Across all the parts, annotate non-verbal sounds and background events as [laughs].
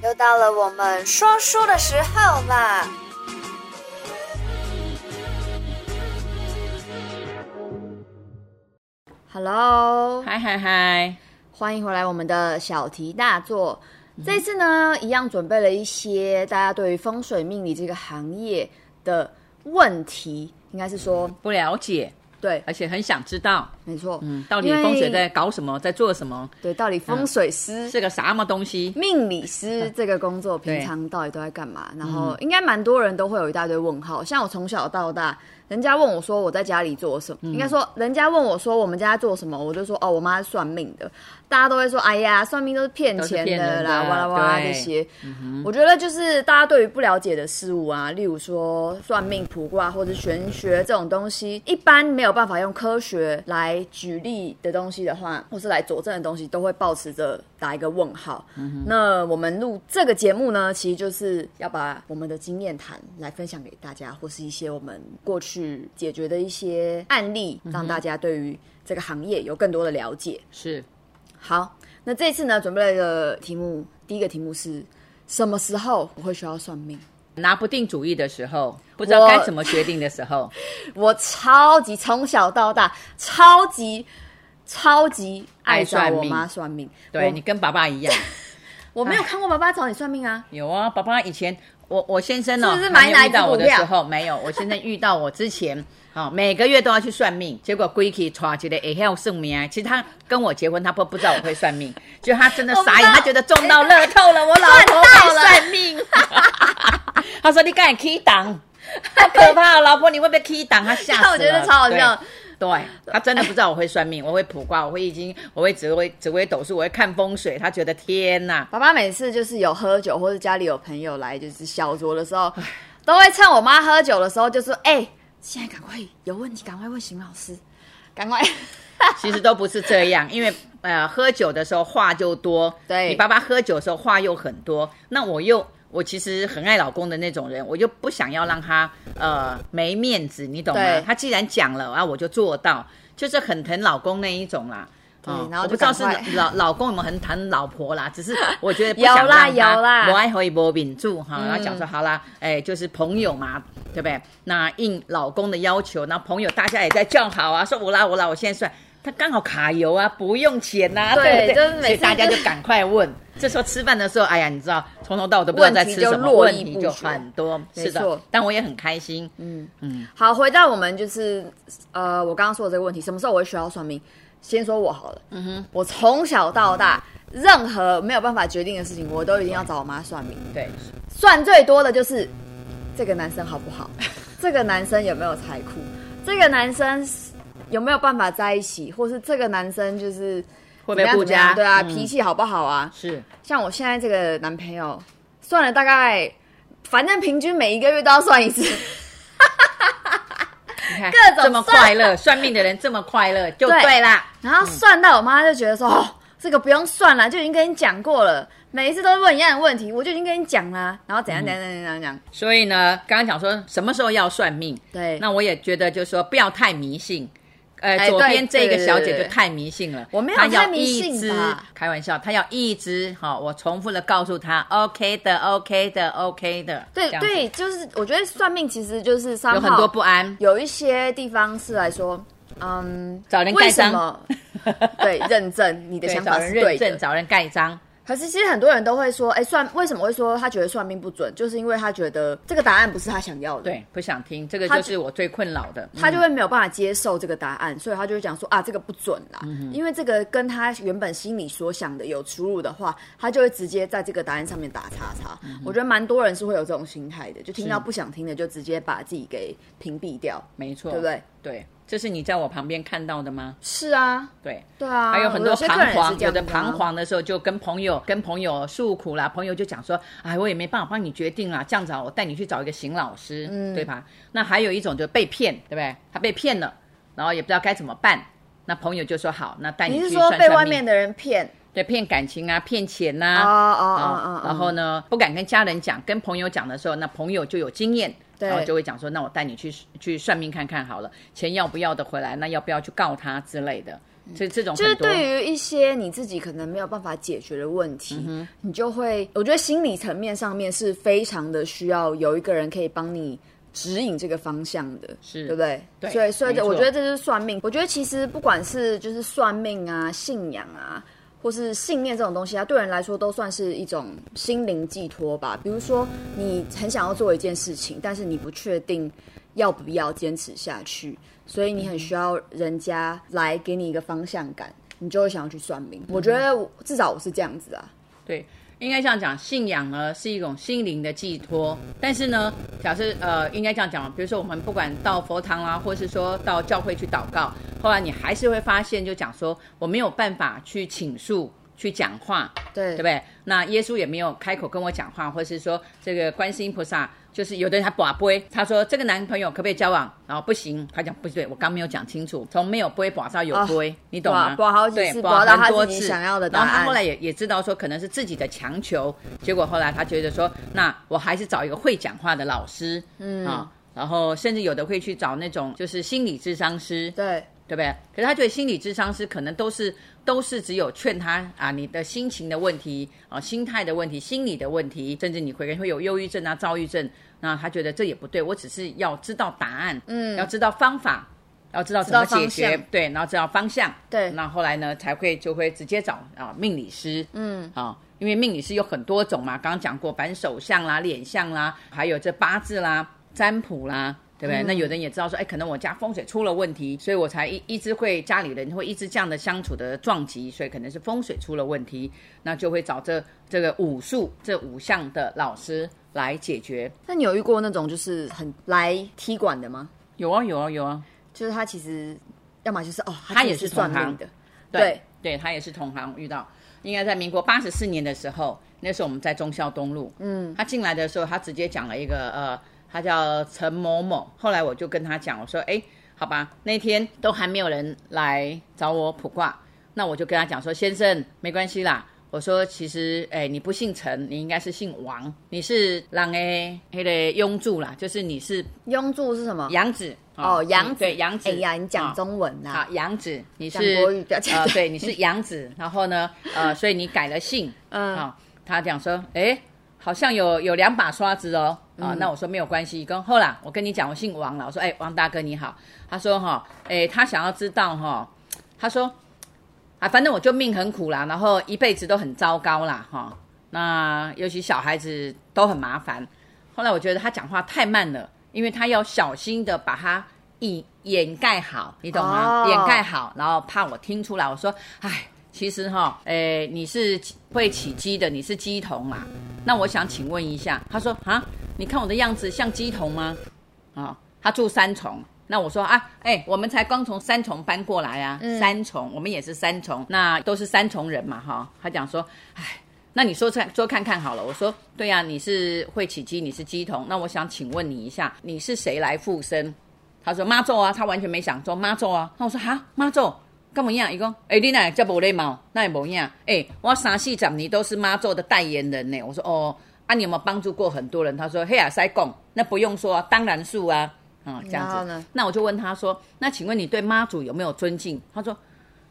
又到了我們說書的時候啦！Hello，嗨嗨嗨，歡迎回來我們的小題大作。這次呢，一樣準備了一些大家對於風水命理這個行業的問題，應該是說不了解。對，而且很想知道，沒錯，嗯，到底風水在搞什麼，在做什麼？對，到底風水師、嗯、是個什麼東西？命理師這個工作，平常到底都在幹嘛？然後應該蠻多人都會有一大堆問號，嗯、像我從小到大。人家問我說我在家裡做什麼，嗯、應該說人家問我說我們家做什麼，我就說哦，我媽是算命的。大家都會說，哎呀，算命都是騙錢的啦，的哇啦哇啦這些、嗯。我覺得就是大家對於不了解的事物啊，例如說算命、卜卦或者玄學這種東西、嗯，一般沒有辦法用科學來舉例的東西的話，或是來佐證的東西，都會抱持着打一個問號。嗯、那我們錄這個節目呢，其實就是要把我們的經驗談來分享給大家，或是一些我們過去。去、嗯、解決的一些案例，讓大家對於這個行業有更多的了解。是、嗯，好，那這次呢，準備了一個題目，第一個題目是什麼時候我會需要算命？拿不定主意的時候，不知道該怎麼決定的時候，我， [laughs] 我超級從小到大，超級超級愛找我媽算命。算命對你跟爸爸一樣， [laughs] 我沒有看過爸爸找你算命啊。有啊，爸爸以前。我我先生呢、喔？還沒遇到我的時候？沒有，我先生遇到我之前，好、 [laughs] 喔、每個月都要去算命，結果 gucci 抓起來也很有名。其實他跟我結婚，他不不知道我會算命，就他真的傻眼，他覺得中到樂透了。欸、我老婆太算命，哈哈哈哈他說，你敢 key 檔，好 [laughs] 可怕，老婆你會不會 key 檔？他嚇死了。 [laughs] 我覺得超好笑。對他真的不知道我會算命，我會卜卦，我會易經，我會紫微紫微斗數，我會看風水。他覺得天哪！爸爸每次就是有喝酒或是家裡有朋友來，就是小酌的時候，都會趁我媽喝酒的時候就說：“哎、欸，現在趕快有問題，趕快問邢老師，趕快。 [laughs] ”其實都不是這樣，因為呃，喝酒的時候話就多，對，你爸爸喝酒的時候話又很多，那我又。我其實很愛老公的那種人，我就不想要讓他呃沒面子，你懂嗎？他既然講了，然、啊、我就做到，就是很疼老公那一種啦。對，我、哦、不知道是老 [laughs] 老公有沒有很疼老婆啦，只是我覺得 [laughs] 有。有啦有啦。我愛喝以博，冰柱哈，然後講說好啦，哎，就是朋友嘛，對不對？那應老公的要求，那朋友大家也在叫好啊，說我啦我啦，我現在算他剛好卡油啊，不用錢吶、啊， [laughs] 對對，所以大家就趕快問。 [laughs] 這時候吃飯的時候，哎呀，你知道從頭到尾都不管再吃什麼問。問題就很多，沒錯。但我也很開心。嗯嗯，好，回到我們就是呃，我剛剛說的這個問題，什麼時候我會需要算命？先說我好了。嗯哼，我從小到大、嗯，任何沒有辦法決定的事情，我都一定要找我媽算命。對，對算最多的就是這個男生好不好？ [laughs] 這個男生有沒有財庫？這個男生有沒有辦法在一起？或是這個男生就是。會不會顧家？對啊，嗯、脾氣好不好啊？是，像我現在這個男朋友，算了，大概反正平均每一個月都要算一次。哈哈哈，你看，各種快樂， [laughs] 算命的人這麼快樂就對，對啦。然後算到我媽媽就覺得說、嗯，哦，這個不用算了，就已經跟你講過了。每一次都是問一樣的問題，我就已經跟你講了。然後怎樣怎樣怎樣怎樣，怎樣，怎樣、嗯。所以呢，剛剛講說什麼時候要算命？對，那我也覺得就是說不要太迷信。哎、呃，左邊這個小姐就太迷信了，哎、要一我沒有太迷信開玩笑，她要一只哈，我重複的告訴她 OK 的，OK 的，OK 的，OK 的，OK 的，對對，就是我覺得算命其實就是有很多不安，有一些地方是來說，嗯，找人蓋章，為什麼，對，認證 [laughs] 你的想法是的，找人認證，找人蓋章。可是其實很多人都會說，哎、欸、算為什麼會說他覺得算命不準，就是因為他覺得這個答案不是他想要的，對，不想聽這個就是我最困擾的他，他就會沒有辦法接受這個答案，所以他就會講說啊這個不準啦、嗯，因為這個跟他原本心裡所想的有出入的話，他就會直接在這個答案上面打叉叉。嗯、我覺得蠻多人是會有這種心態的，就聽到不想聽的就直接把自己給屏蔽掉，沒錯，對不對？對。這是你在我旁邊看到的嗎？是啊，對，對啊，還有很多彷徨，我的、的彷徨的時候就跟朋友跟朋友訴苦啦，朋友就講說，哎，我也沒辦法幫你決定啊，這樣子我帶你去找一個邢老師，嗯，對吧？那還有一種就是被騙，對不對？他被騙了，然後也不知道該怎麼辦，那朋友就說好，那帶你去算算。你是說被外面的人騙？對，騙感情啊，騙錢吶，啊，啊啊啊！然後呢，不敢跟家人講，跟朋友講的時候，那朋友就有經驗。對，然後就會講說，那我帶你去去算命看看好了，錢要不要得回來？那要不要去告他之類的？所以這種、嗯、就是對於一些你自己可能沒有辦法解決的問題、嗯，你就會，我覺得心理層面上面是非常的需要有一個人可以幫你指引這個方向的，是對不對，對？所以，所以我覺得這是算命。我覺得其實不管是就是算命啊，信仰啊。或是信念這種東西啊，對人來說都算是一種心靈寄託吧。比如說，你很想要做一件事情，但是你不確定要不要堅持下去，所以你很需要人家來給你一個方向感，你就會想要去算命。我覺得我至少我是這樣子啊。對，應該這樣講，信仰呢是一種心靈的寄託。但是呢，假設呃，應該這樣講，比如說我們不管到佛堂啦啊，或是說到教會去禱告。後來你還是會發現，就講說我沒有辦法去傾訴、去講話，對，對不對？那耶穌也沒有開口跟我講話，或是說這個觀世音菩薩，就是有的人他卜杯，他說這個男朋友可不可以交往？然後不行，他講不對，我剛沒有講清楚。從沒有卜杯到有杯、哦，你懂嗎？卜好幾次，卜了他多次他然後他後來也也知道說，可能是自己的強求，結果後來他覺得說，那我還是找一個會講話的老師，嗯啊、哦，然後甚至有的會去找那種就是心理諮商師，對。對不對？可是他覺得心理諮商師可能都是都是只有勸他啊，你的心情的問題啊，心態的問題，心理的問題，甚至你可能會有憂鬱症啊、躁鬱症。那他覺得這也不對，我只是要知道答案，嗯，要知道方法，要知道怎麼解決，對，然後知道方向，對。那後，後來呢，才會就會直接找啊命理師，嗯，啊，因為命理師有很多種嘛，剛剛講過反手相啦、臉相啦，還有這八字啦、占卜啦。對不對？嗯，那有人也知道說，哎，可能我家風水出了問題，所以我才一一直會家裡人會一直這樣的相處的撞擊，所以可能是風水出了問題，那就會找這這個五術這五項的老師來解決。那你有遇過那種就是很來踢館的嗎？有啊有啊有啊，就是他其實要麼就是哦他是，他也是同行的，對對，對，對，他也是同行遇到，應該在民國八十四年的時候，那時候我們在忠孝東路，嗯，他進來的時候，他直接講了一個呃。他叫陳某某，後來我就跟他講，我說：“哎、欸，好吧，那天都還沒有人來找我卜卦，那我就跟他講說，先生，沒關係啦。我說，其實，哎、欸，你不姓陳，你應該是姓王，你是浪 A 嘿，嘞庸住啦，就是你是庸住是什麼？養子、喔、哦，養子，養子。哎呀，你講中文吶？養、喔、子，你是語呃，對，你是養子。 [laughs] 然後呢，呃，所以你改了姓。嗯，好、喔，他講說，哎、欸，好像有有兩把刷子哦。”啊、哦，那我說沒有關係。後來我跟你講，我姓王了。我說，哎、欸，王大哥你好。他說，哈，哎，他想要知道哈。他說，啊，反正我就命很苦啦，然後一輩子都很糟糕啦，哈。那尤其小孩子都很麻煩。後來我覺得他講話太慢了，因為他要小心的把它掩掩蓋好，你懂嗎？哦、掩蓋好，然後怕我聽出來。我說，哎，其實哈，哎、欸，你是會起雞的，你是雞童啦、嗯。那我想請問一下，他說，哈。」你看我的樣子像乩童嗎？啊、哦，他住三重，那我說啊，哎、欸，我們才剛從三重搬過來啊、嗯，三重，我們也是三重，那都是三重人嘛，哈、哦。他講說，哎，那你說看，說看看好了。我說，對呀、啊，你是會起乩，你是乩童，那我想請問你一下，你是誰來附身？他說媽祖啊，他完全沒想說媽祖啊。那我說哈，媽祖，幹嘛一樣？一個，哎、欸，你乃叫不禮貌，那也不一樣。哎、欸，我啥戲仔你都是媽祖的代言人呢、欸。我說哦。啊，你有沒有幫助過很多人？他說：“嘿呀塞貢，那不用說、啊，當然是啊，啊、嗯、這樣子。”那我就問他說：“那請問你對媽祖有沒有尊敬？”他說：“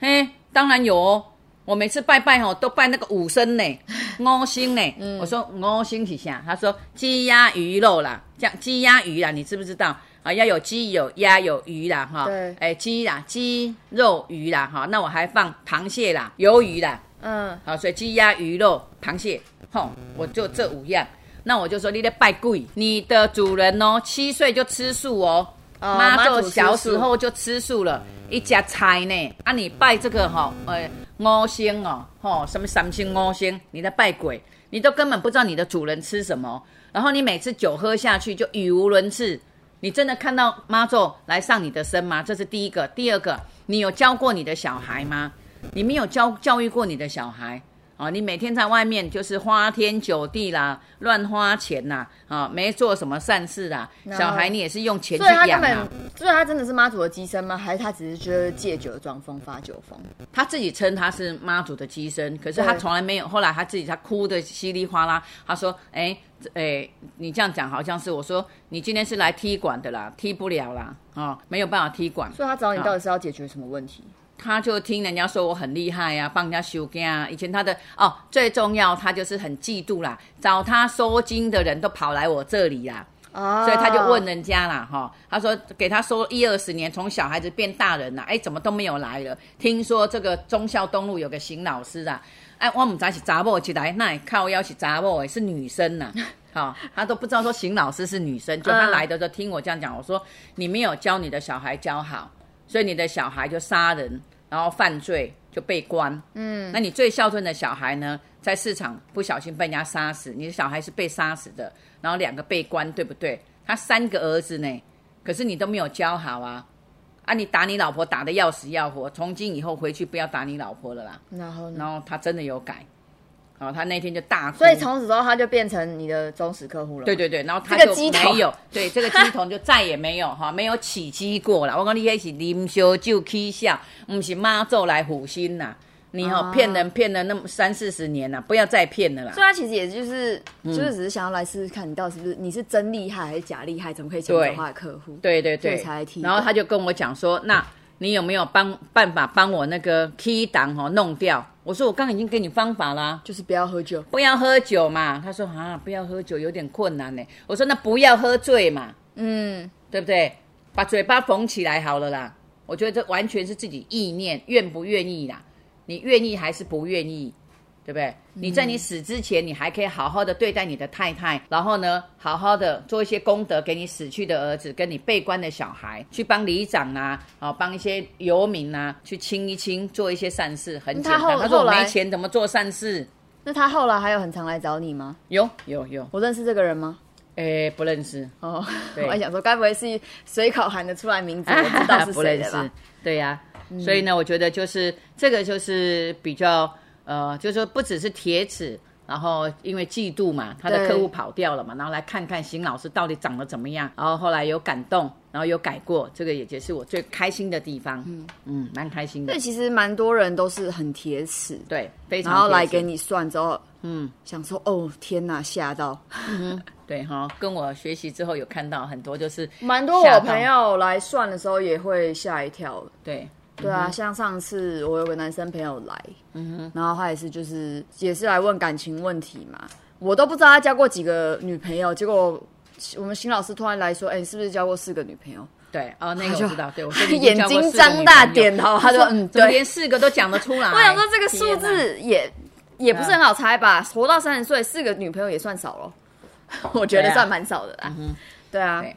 嘿，當然有哦，我每次拜拜吼，都拜那個五牲呢，五牲呢。 [laughs] 嗯”我說：“五牲是啥？”他說：“雞鴨魚肉啦，像雞鴨魚啦，你知不知道啊？要有雞有鴨有魚啦，哈，哎，雞、欸、啦，雞肉魚啦，哈，那我還放螃蟹啦，魷魚啦。嗯”嗯，好，所以雞鴨魚肉、螃蟹，吼，我就這五樣。那我就說，你得拜鬼，你的主人哦，七歲就吃素哦，媽祖、哦、小時候就吃素了，一、哦、家菜呢，啊，你拜這個哈、哦，呃、欸、五星哦，吼，什麼三星五星？你在拜鬼，你都根本不知道你的主人吃什麼，然後你每次酒喝下去就語無倫次，你真的看到媽祖來上你的身嗎？這是第一個，第二個，你有教過你的小孩嗎？你沒有教教育過你的小孩啊、哦？你每天在外面就是花天酒地啦，亂花錢吶啊、哦，沒做什麼善事啦。小孩，你也是用錢去養啊？所以他根本，所以，他真的是媽祖的乩身嗎？還是他只是覺得借酒裝瘋，發酒瘋？他自己稱他是媽祖的乩身，可是他從來沒有。後來他自己他哭得稀里嘩啦，他說：“哎、欸欸、你這樣講好像是我說你今天是來踢館的啦，踢不了啦啊、哦，沒有辦法踢館。”所以，他找你到底是要解決什麼問題？哦他就聽人家說我很厲害呀、啊，幫人家收驚啊。以前他的哦，最重要他就是很嫉妒啦，找他收驚的人都跑來我這裡啦。哦，所以他就問人家啦，哈、哦，他說給他收一二十年，從小孩子變大人啦。哎，怎麼都沒有來了？聽說這個忠孝東路有個邢老師啊，哎，我們在一起雜務起來，那看靠要起雜務誒，是女生吶。好、 [laughs] 哦，他都不知道說邢老師是女生， [laughs] 就他來的時候聽我這樣講，我說你沒有教你的小孩教好。所以你的小孩就殺人，然後犯罪就被關，嗯，那你最孝順的小孩呢，在市場不小心被人家殺死，你的小孩是被殺死的，然後兩個被關，對不對？他三個兒子呢，可是你都沒有教好啊，啊，你打你老婆打得要死要活，從今以後回去不要打你老婆了啦，然後然後他真的有改。哦，他那天就大哭，所以從此之後他就變成你的忠實客戶了。對對對，然後他就沒有，對這個乩童、這個、就再也沒有 [laughs] 哈，沒有起乩過了。我跟你一起臨修就起效，不是媽祖來虎心吶。你哦、啊、騙人騙了那麼三四十年了、啊，不要再騙了啦。所以他其實也就是就是只是想要來試試看你到底是不是、嗯、你是真厲害還是假厲害，怎麼可以搶走他的客戶？對對對，對，然後他就跟我講說，那你有沒有幫辦法幫我那個起擋哦弄掉？我說我剛剛已經給你方法啦啊，就是不要喝酒，不要喝酒嘛。他說，啊，不要喝酒有點困難呢。我說那不要喝醉嘛，嗯，對不對？把嘴巴縫起來好了啦。我覺得這完全是自己意念，願不願意啦？你願意還是不願意？對不對？你在你死之前，嗯，你還可以好好的對待你的太太，然後呢，好好的做一些功德，給你死去的兒子，跟你被關的小孩，去幫里長啊，啊，幫一些游民啊，去清一清，做一些善事，很簡單。他，他說我沒錢怎麼做善事？那他後來還有很常來找你嗎？有有有，我認識這個人嗎？哎，欸，不認識哦。我還想說，該不會是隨口喊的出來的名字，啊我知道是誰的，不認識？對呀，啊嗯，所以呢，我覺得就是這個，就是比較。呃，就是說不只是鐵齒，然後因為嫉妒嘛，他的客戶跑掉了嘛，然後來看看邢老師到底長得怎麼樣，然後後來有感動，然後有改過，這個也就是我最開心的地方。嗯嗯，蠻開心的。那其實蠻多人都是很鐵齒，對，非常。然後來給你算之後，嗯，想說哦，天哪，嚇到。 [laughs] 對哈、哦，跟我學習之後，有看到很多就是。蠻多我朋友來算的時候也會嚇一跳。對。對啊，像上次我有個男生朋友來，嗯、哼然後他也是就是也是來問感情問題嘛。我都不知道他交過幾個女朋友，結果我們邢老師突然來說：“哎，是不是交過四個女朋友？”對，啊、哦，那個我知道，他對我眼睛張大點頭，他說：“嗯，對，連四個都講得出來。”我想說這個數字也也不是很好猜吧？活到三十歲，四個女朋友也算少了，啊、 [laughs] 我覺得算蠻少的啦。嗯、對啊對，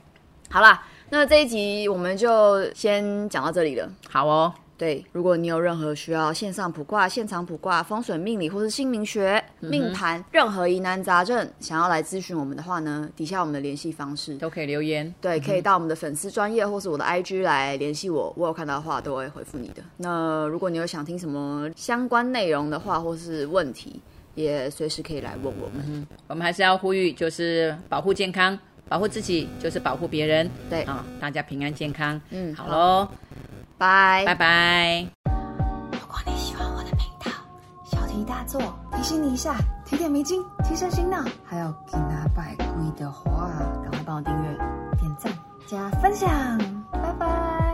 好啦。那這一集我們就先講到這裡了。好哦，對，如果你有任何需要線上卜卦、現場卜卦、風水命理，或是姓名學、命盤、嗯，任何疑難雜症，想要來諮詢我們的話呢，底下我們的聯繫方式都可以留言。對，可以到我們的粉絲專頁或是我的 IG 來聯繫我、嗯，我有看到的話都會回復你的。那如果你有想聽什麼相關內容的話，或是問題，也隨時可以來問我們。嗯、我們還是要呼籲，就是保護健康。保護自己就是保護別人，對啊、哦，大家平安健康，嗯，好嘍，拜拜拜。如果你喜歡我的頻道，小題大做提醒你一下，提點迷津，提升心腦。還有聽阿百龜的話，趕快幫我訂閱、點讚、加分享，拜拜。